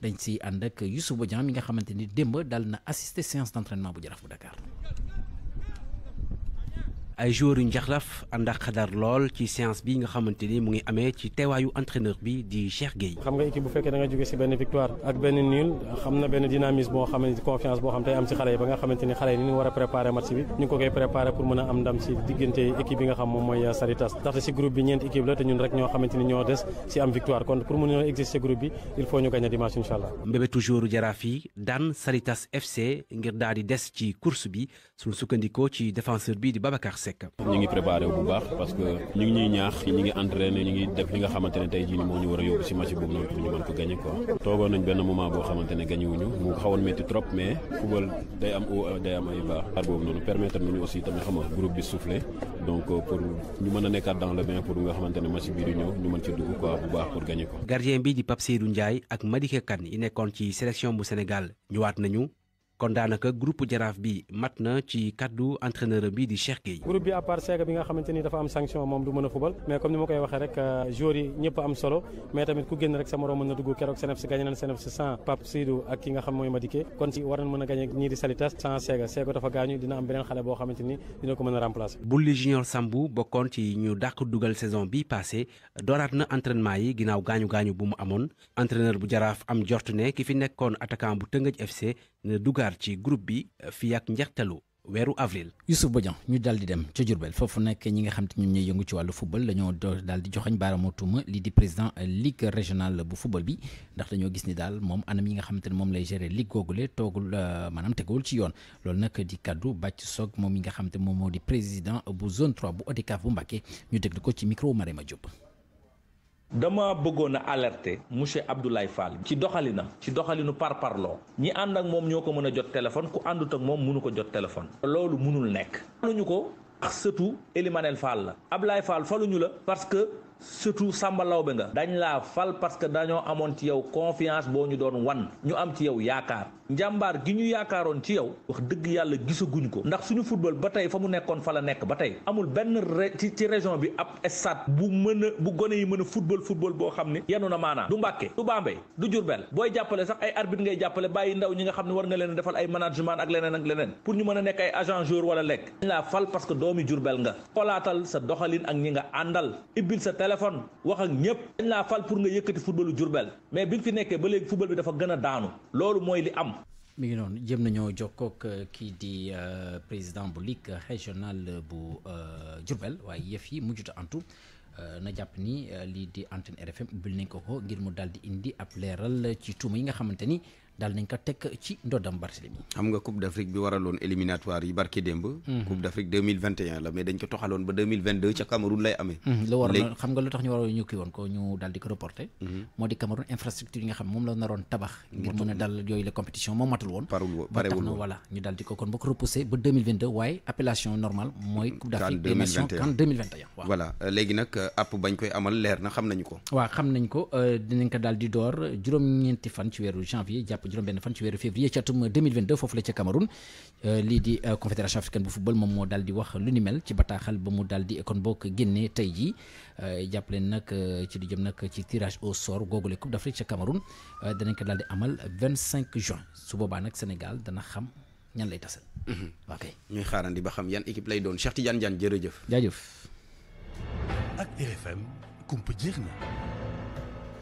dañ si ànd ak Youssouf Bodian mi nga xamante ni démb dal na assister séance d' entraînement bu jaraaf bu Dakar. ay joueurs yu njaxlaf ànd xadar lool ci séance bi nga xamante ni mu ngi amee ci teewaayu entraîneur bi di Cheikh Gueye. xam nga équipe bu fekkee da nga jóge si benn victoire ak benn nul xam na benn dynamisme boo xam ne confiance boo xam tey am ci xale yi ba nga xamante ni xale yi ni ñu war a préparer match bi ñu ko koy préparer pour mën a am ndam si diggante équipe bi nga xam moom mooy Saritas ndaxte si groupe bi ñeenti équipe la te ñun rek ñoo xamante ni ñoo des si am victoire kon pour mën a exister groupe bi il faut ñu gagner dimanche inshallah mbébé toujours joueur jaraaf yi daan Saritas FC ngir daal di des ci course bi suñu sukkandikoo ci défenseur bi di Babacar Seck. ñu ngi préparé bu baax parce que ñu ngi ñuy ñaax ñu ngi entraîner ñu ngi def li nga xamantene tay tey jii nii ñu wara yobu ci si match boobu noonu pour ñu mën ko gagner quoi. togo nañ ben moment bo xamantene gagné wuñu mu xawon metti trop mais football day am au day am ay baax. xaar boobu noonu permettre nañu aussi tamit xam groupe bi soufflé donc euh, pour ñu mën a nekkaat dans le bain pour nga xamantene match bi di ñëw ñu mën ci dugg quoi bu baax pour gagner quoi gardien bi di Pape Seydou Ndiaye ak madike Kane yi nekkon ci sélection bu Sénégal waat nañu kon daanaka groupe jaraaf bi mat na ci kaddu entraîneur bi di Cheikh Gueye. groupe bi à part bi nga xamante ni dafa am sanction moom du mën a fubal mais comme ni ma koy waxee rek euh, joueurs yi ñëpp am solo mais tamit ku génn rek sa morom mën na dugg keroog CNEPS gagné nañ CNEPS sans Pape Seydou ak ki nga xam mooy Madické kon si war nañ mën a gagné ñii di Salitas sans Sega Sega dafa gaañu dina am beneen xale boo xamante ni dina ko mën a remplacer. dugal saison bi passé dooraat na entraînement yi ginnaaw gaañu gaañu bu mu amoon entraîneur bu jaraaf am jortu ne ki fi nekkoon dugaar ci groupe bi euh, fii ak njeextalu weeru avril. Youssouf Bodian ñu daal di dem ca Diourbel foofu nag ñi nga xam te ñoom ñooy yëngu ci wàllu football dañoo daal di joxañ baaraamu tuuma lii di président euh, ligue régionale bu football bi ndax dañoo gis ni daal moom anam yi nga xamante ne moom lay gérer ligue googule toogul euh, maanaam teguwul ci yoon loolu nag di kaddu Bàcc Soog moom yi nga xam te moom moo di président bu zone 3 bu ODCAV bu Mbacké ñu déglu ko ci micro Marema Diop. dama bëggoon a alerter monsieur Abdoulaye Fall ci doxalina ci doxalinu par parloo ñi ànd ak moom ñoo ko mën a jot téléphone ku àndut ak moom mënu ko jot téléphone loolu mënul nekk ñu ko ak sëtu Elimanel Fall la Abdoulaye falu ñu la parce que surtout Samba Lawbe nga dañ laa fal parce que dañoo amoon ci yow confiance boo ñu doon wan ñu am ci yow yaakaar njàmbaar gi ñu yaakaaroon ci yow wax dëgg yàlla gisaguñ ko ndax suñu football ba tey fa mu nekkoon fa la nekk ba tey amul benn ci ci région bi ab stade bu mën a bu gone yi mën a football boo xam ne yenu na maanaa du Mbàkke du Bambey du Jurbel booy jàppale sax ay arbitre ngay jàppale bàyyi ndaw ñi nga xam ne war nga leen defal ay management ak leneen ak leneen pour ñu mën a nekk ay agent joueur wala lekk doomi Jurbel nga téléphone wax ak ñëpp dañ laa fal pour nga yëkkati footballu Jurbel mais bi nga fi nekkee ba léegi football bi dafa gën a daanu loolu mooy li am. mi ngi noonu jëm nañoo jokkook euh, kii di euh, président bu ligue régionale bu euh, Diourbel waaye yëf yi mujjuta antu na jàpp ni lii di antenne RFM ubbil nañ ko ko ngir mu daal di indi ab leeral ci tuuma yi nga xamante ni dal nañ ko tek ci ndodam Barcelone xam nga coupe d'afrique bi waraloon éliminatoire yi barki demb mhm. coupe d'afrique 2021 la mais dañ ko toxaloon ba 2022 ca Cameroun lay amé mhm, lu war xam nga lu tax ñu waroon ñukki woon ko ñu dal di ko reporter mhm. moo di Cameroun infrastructure yi nga xam moom la naroon tabax ngir mën a dal yooyu la compétition moom matul woon parewul voilà ñu dal di ko kon bokk repousser ba 2022 waaye appellation normale mooy coupe d'afrique des kan 2021 waaw voilà euh, léegi nak euh, app bañ koy amal leer na xam nañu ko waaw xam nañ ko euh, dinañ ko dal di door juróom ñeenti fan ci weeru janvier jàpp juróom-benn fan ci weeru février ci atum 2022 foofu la ca Cameroun euh, lii di euh, confédération africaine bu football moom moo daal di wax lu ni mel ci bataaxal ba mu daal di kon bokk génnee tey jii euh, jàpp leen nag ci di jëm nag ci tirage au sort googule coupe d'Afrique ca Cameroun danañ ko daal di amal 25 juin su boobaa nag Sénégal dana xam ñan lay tasal. Mhm. ok ñuy xaarandi ba xam yan équipe lay doon Cheikh Tidiane Diagne jërëjëf. jaajëf. ak RFM kumpa jeex na.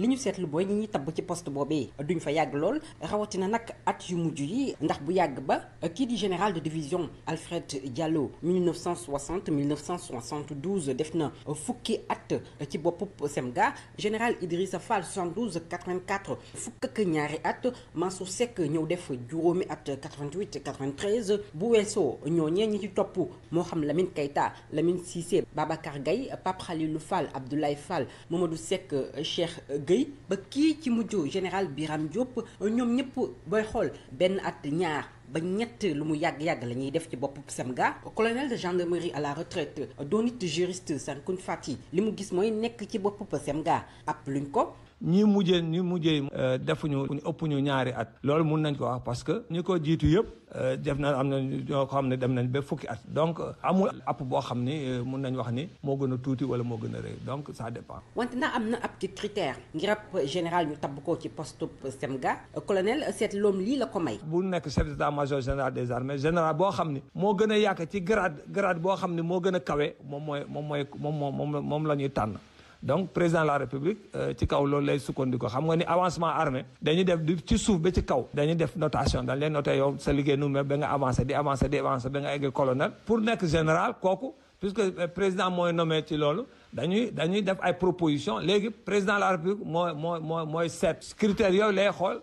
liñu sétlu boy booy ñi tab ci poste bobé duñ fa yag lool na nak at yu mujj yi ndax bu yag ba di général de division Alfred Diallo 1960 1972 def na fukki at ci bop Semga général Idrissa Fall 72 84 fukk ak ñaari at Mansour Seck ñëw def juromi at 88 93 Bouesso ñoo ñooñee ñi ci top mo xam Lamine Keita Lamine Cissé Babacar Gaye Pape Khalilou Fall Abdoulaye Fall Mamadou Seck Cheikh Gueye ba kii ci mujj général Birame Diop ñoom ñëpp booy xool benn at ñaar ba ñett lu mu yàgg-yàgg la ñuy def ci bopp Semga colonel de gendarmerie à la retraite doon it juriste Sankhoun Faty li mu gis moy nek ci bopp Semga ap luñ ko ñi mujjee ñi mujjee euh, defuñu ëpp ñu ñaari at lool mun nañ ko wax parce que ñiko jitu jiitu yëpp euh, def na am na ñoo ko xam dem nañ be fukki at donc amul app bo xam ni euh, nañ wax ni mo gën tuuti wala mo gën a donc ça dépend wante na am ab ci critère ngir ab général ñu tab ko ci poste Semga colonel seet loom li la ko may bu nekk chef d'état major général des armées général bo xamni mo moo yak ci grade grade bo xamni mo moo kawé mom moy mom moy mom mom moom moom moom donc président de la république euh, ci kaw loolu lay sukkandiku xam nga ni avancement armée dañuy def ci souf be ci kaw dañuy def notation dañ leen noté yow sa liggéey numéro ba nga avancer di avancer di avancé ba nga égué colonel pour nek général kooku puisque euh, président moy nommé ci loolu dañuy dañuy def ay proposition légui président de la république moy moy moy moy sept critères yow lay xol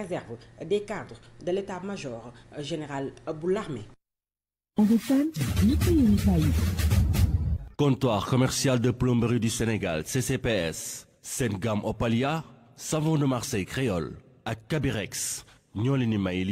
des cadres de l'état-major euh, général de euh, l'armée. Comptoir commercial de plomberie du Sénégal, CCPS, Sengam Opalia, Savon de Marseille Créole, à Kabirex, Nyolini may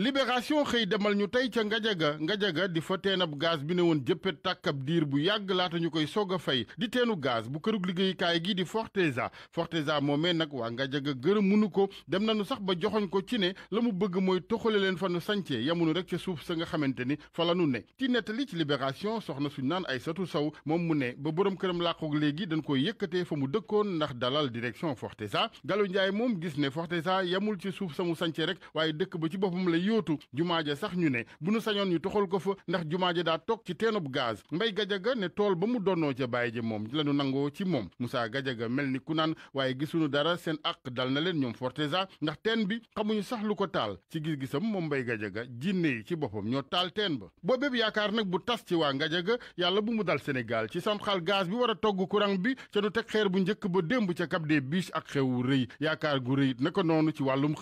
libération xëy demal ñu tey ca ngajaga ngajaga di fa teenab gaz bi ne woon jëppet tàkkab diir bu yàgg laata ñu koy soog a fay di teenu gaz bu kërug liggéeykaay gi di Forteza Forteza moomee nag waa ngajaga gërëm munu ko dem nañu sax ba joxoñ ko ci ne la mu bëgg mooy toxale leen fa nu sance yamunu rek ca suuf sa nga xamante ni fa la nu ne ci nettali ci libération soxna suñ naan ay Aysatu Saw moom mu ne ba borom këram làqoog léegi dañ koy yëkkatee fa mu dëkkoon ndax dalal direction Forteza Gallo Ndiaye moom gis ne Forteza yamul ci suuf sa mu rek waaye dëkk ba ci boppam la yootu jumaa ja sax ñu ne bu nu sañoon ñu toxal ko fa ndax jumaa ja daa toog ci teenub gaz mbay gajaga ne tool ba mu donnoo ca bàyyi ji moom la ñu nangoo ci moom Moussa gajaga mel ni ku naan waaye gisuñu dara seen àq dal na leen ñoom Forteza ndax teen bi xamuñu sax lu ko taal ci gis-gisam moom mbay gajaga jinne yi ci boppam ñoo taal teen ba boo boobépp yaakaar nag bu tas ci waa gajaga yàlla bu mu dal Sénégal ci samxal gaz bi war a togg courant bi ca nu teg xeer bu njëkk ba démb ca Cap des Biches ak xewu rëy yaakaar gu rëy naka noonu ci wàllum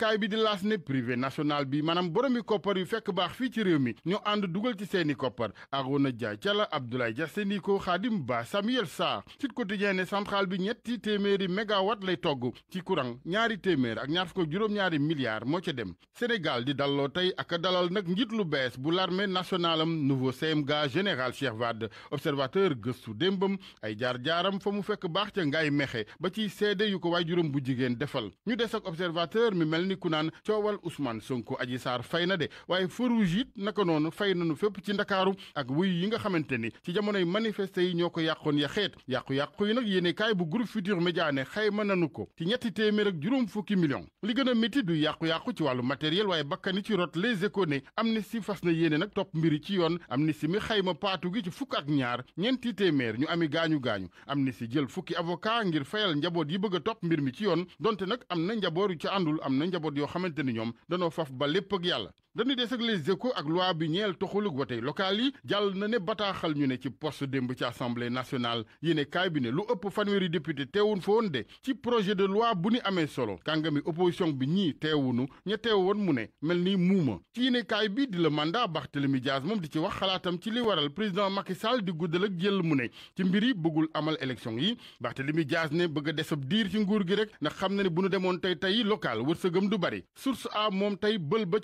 kaay bi di laas ne privé national bi maanaam boromi koppar yu fekk baax fii ci réew mi ñoo ànd dugal ci seeni koppar Arona Dia Cala Abdoulaye Dia Seniko Khadim Ba Samuel Sarr Sud Quotidien ne centrale bi ñetti téeméeri mégawatt lay togg ci courant ñaari téeméer ak ñaar fukk juróom-ñaari milliards moo ca dem Sénégal di dalloo tey ak dalal nag njiit lu bees bu l'armée nationale am nouveau CMGA général Cheikh Wade observateur gëstu démbam ay jaar-jaaram fa mu fekk baax ca ngaay mexe ba ciy seede yu ko waajuram bu jigéen defal ni ku naan coowal Ousmane Sonko Adji Sarr fay na de waaye feu naka noonu fay nañu fépp ci ndakaaru ak wuyu yi nga xamante ni ci jamonoy manifesté yi ñoo ko yàqoon ya xeet yàqu-yàqu yi nag yéene kaay bu groupe Futurs Médias ne xayma nanu ko ci ñetti téeméer ak juróom fukki million li gën a métti du yàqu-yàqu ci wàllu matériel waaye bakkani ci rot les échos ne Amnesty fas na yéene nag topp mbiri ci yoon am Amnesty mi xayma paatu gi ci fukk ak ñaar ñeenti téeméer ñu ami gaañu-gaañu Amnesty jël fukki avocat ngir fayal njaboot yi bëgg a mbir mi ci yoon njaboot yoo xamante ni ñoom danoo faf ba lépp ak yàlla dañu des ak les échos ak loi bi ñeel toxalug wote local yi jàll na ne bataaxal ñu ne ci poste démb ci assemblée nationale ne kaay bi ne lu ëpp fanweeri député teewun fa woon de ci projet de loi bu ni amee solo kàngami opposition bi ñii teewunu ña teewoon mu ne mel ni muuma ci ne kaay bi di la man mandat Barthélémy Dias moom di ci wax xalaatam ci li waral président Macky Sall di guddal ak jël mu ne ci mbir yi bëggul amal élection yi Barthélémy ne bëgg a desab diir nguur gi rek ndax xam na ne bu nu demoon tey tey local wërsëgam du bari source a moom tey bël ba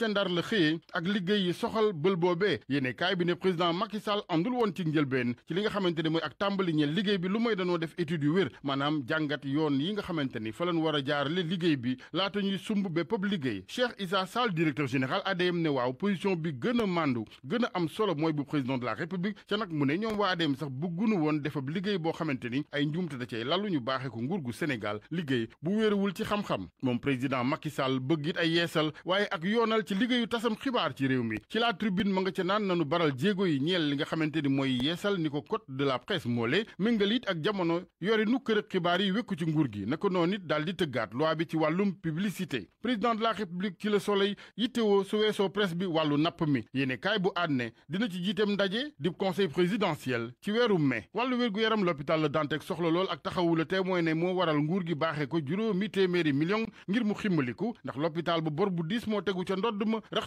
yi ak liggéey yi soxal bël boobee yéene kaay bi ne président Macky Sall woon ci njëlbeen ci li nga xamante ne mooy ak tàmbali ñeel liggéey bi lu may danoo def étude yu wér maanaam jàngat yoon yi nga xamante ni fa lañ war a jaarale liggéey bi laata ñuy sumb bépp liggéey Cheikh Issa Sall directeur général ADM ne waaw position bi gën a màndu gën a am solo mooy bu président de la république ca nag mu ne ñoom waa ADM sax bëggunu woon defab liggéey boo xamante ni ay njuumte da cay lalu ñu baaxee ko nguur gu Sénégal liggéey bu wéeruwul ci xam-xam moom président Macky Sall bëgg it ay yeesal tasam xibaar ci réew mi ci la tribune ma nga ca naan nanu baral jéego yi ñeel li nga xamante ni mooy yeesal ni ko code de la presse moole méngal it ak jamono yori nu kër xibaar yi wékku ci nguur gi naka noonu it daal di tëggaat loi bi ci wàllum publicité président de la république ci le soleil yittewoo su weesoo presse bi wàllu napp mi yéene kaay bu àdne dina ci jiiteem ndaje di conseil présidentiel ci weeru mai wàllu wér yaram l'hôpital la Dantec soxla lool ak taxawu la témoin ne moo waral nguur gi baaxee ko juróomi téeméeri million ngir mu ximmaliku ndax l'hôpital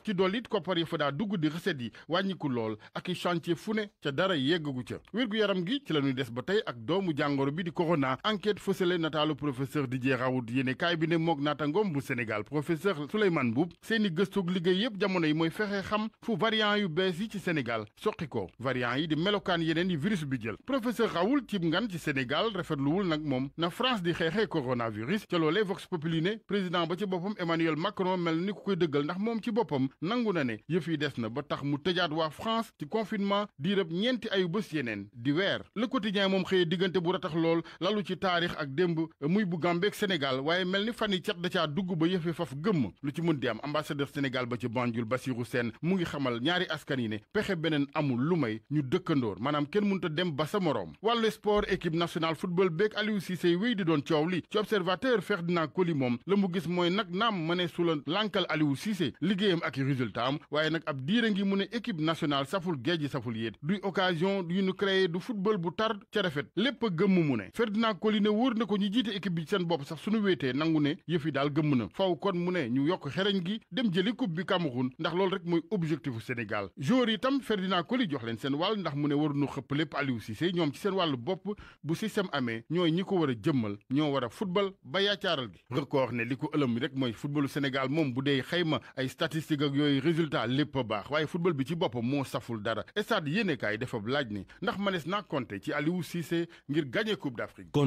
ci dool it koppar yi fa daa dugg di recette yi wàññiku lool ak i chantier fune ca dara yeggagu ca wér yaram gi ci la des ba tey ak doomu jàngoro bi di corona enquête fësale nataalu professeur Didier Raoult yéene kaay bi ne moog naatangoom bu Sénégal professeur Souleymane Boub seeni gëstoog liggéey yëpp jamono yi mooy fexe xam fu variant yu bees yi ci Sénégal soqi ko variant yi di melokaan yeneen yi virus bi jël professeur Raoul cib ngan ci Sénégal rafetluwul nag moom na France di xeexee coronavirus ca loolee Vox Populi né. président ba ci boppam Emmanuel Macron mel ni ku koy dëggal ndax moom ci boppam nangu na ne yëf yi des na ba tax mu tëjaat waa France ci confinement diirëb ñeenti ayu bés yeneen di weer le quotidien moom xëyee diggante bu ratax lool lalu ci taarix ak démb muy bu Gambeek Sénégal waaye mel ni fan yi cat da caa dugg ba yi faf gëmm lu ci mën di am ambassadeur Sénégal ba ci Banjul Bassirou sen mu ngi xamal ñaari askan yi ne pexe beneen amul lu may ñu manam maanaam kenn mënta dem ba sa wàllu sport équipe nationale football beeg Aliou Cissé wéy di doon coow li ci observateur Ferdinand Coly moom la mu gis mooy nag naam mëne su lànkal Aliou liggéeyam ak résultat am waaye nag ab diire ngi mu ne équipe nationale saful géej saful yéet duy occasion yu ñu créé du football bu tar ca rafet lépp a gëmm mu ne Ferdinand Coly ne wóor na ko ñu jiite équipe bi seen bopp sax suñu wéetee nangu ne yëf daal gëmm faw kon mu ne ñu yokk xereñ gi dem jëli coupe bi ndax loolu rek mooy objectifu Sénégal joueur itam Ferdinand Coly jox leen seen wàll ndax mu ne waruñu xëpp lépp Aliou Cissé ñoom ci seen wàllu bopp bu a a yooyu résultat lépp a baax waaye football bi ci boppam moo saful dara stade yéenekaay dafa laaj ni ndax manees naa compter ci Aliou Cissé ngir gagner Coupe d'Afrique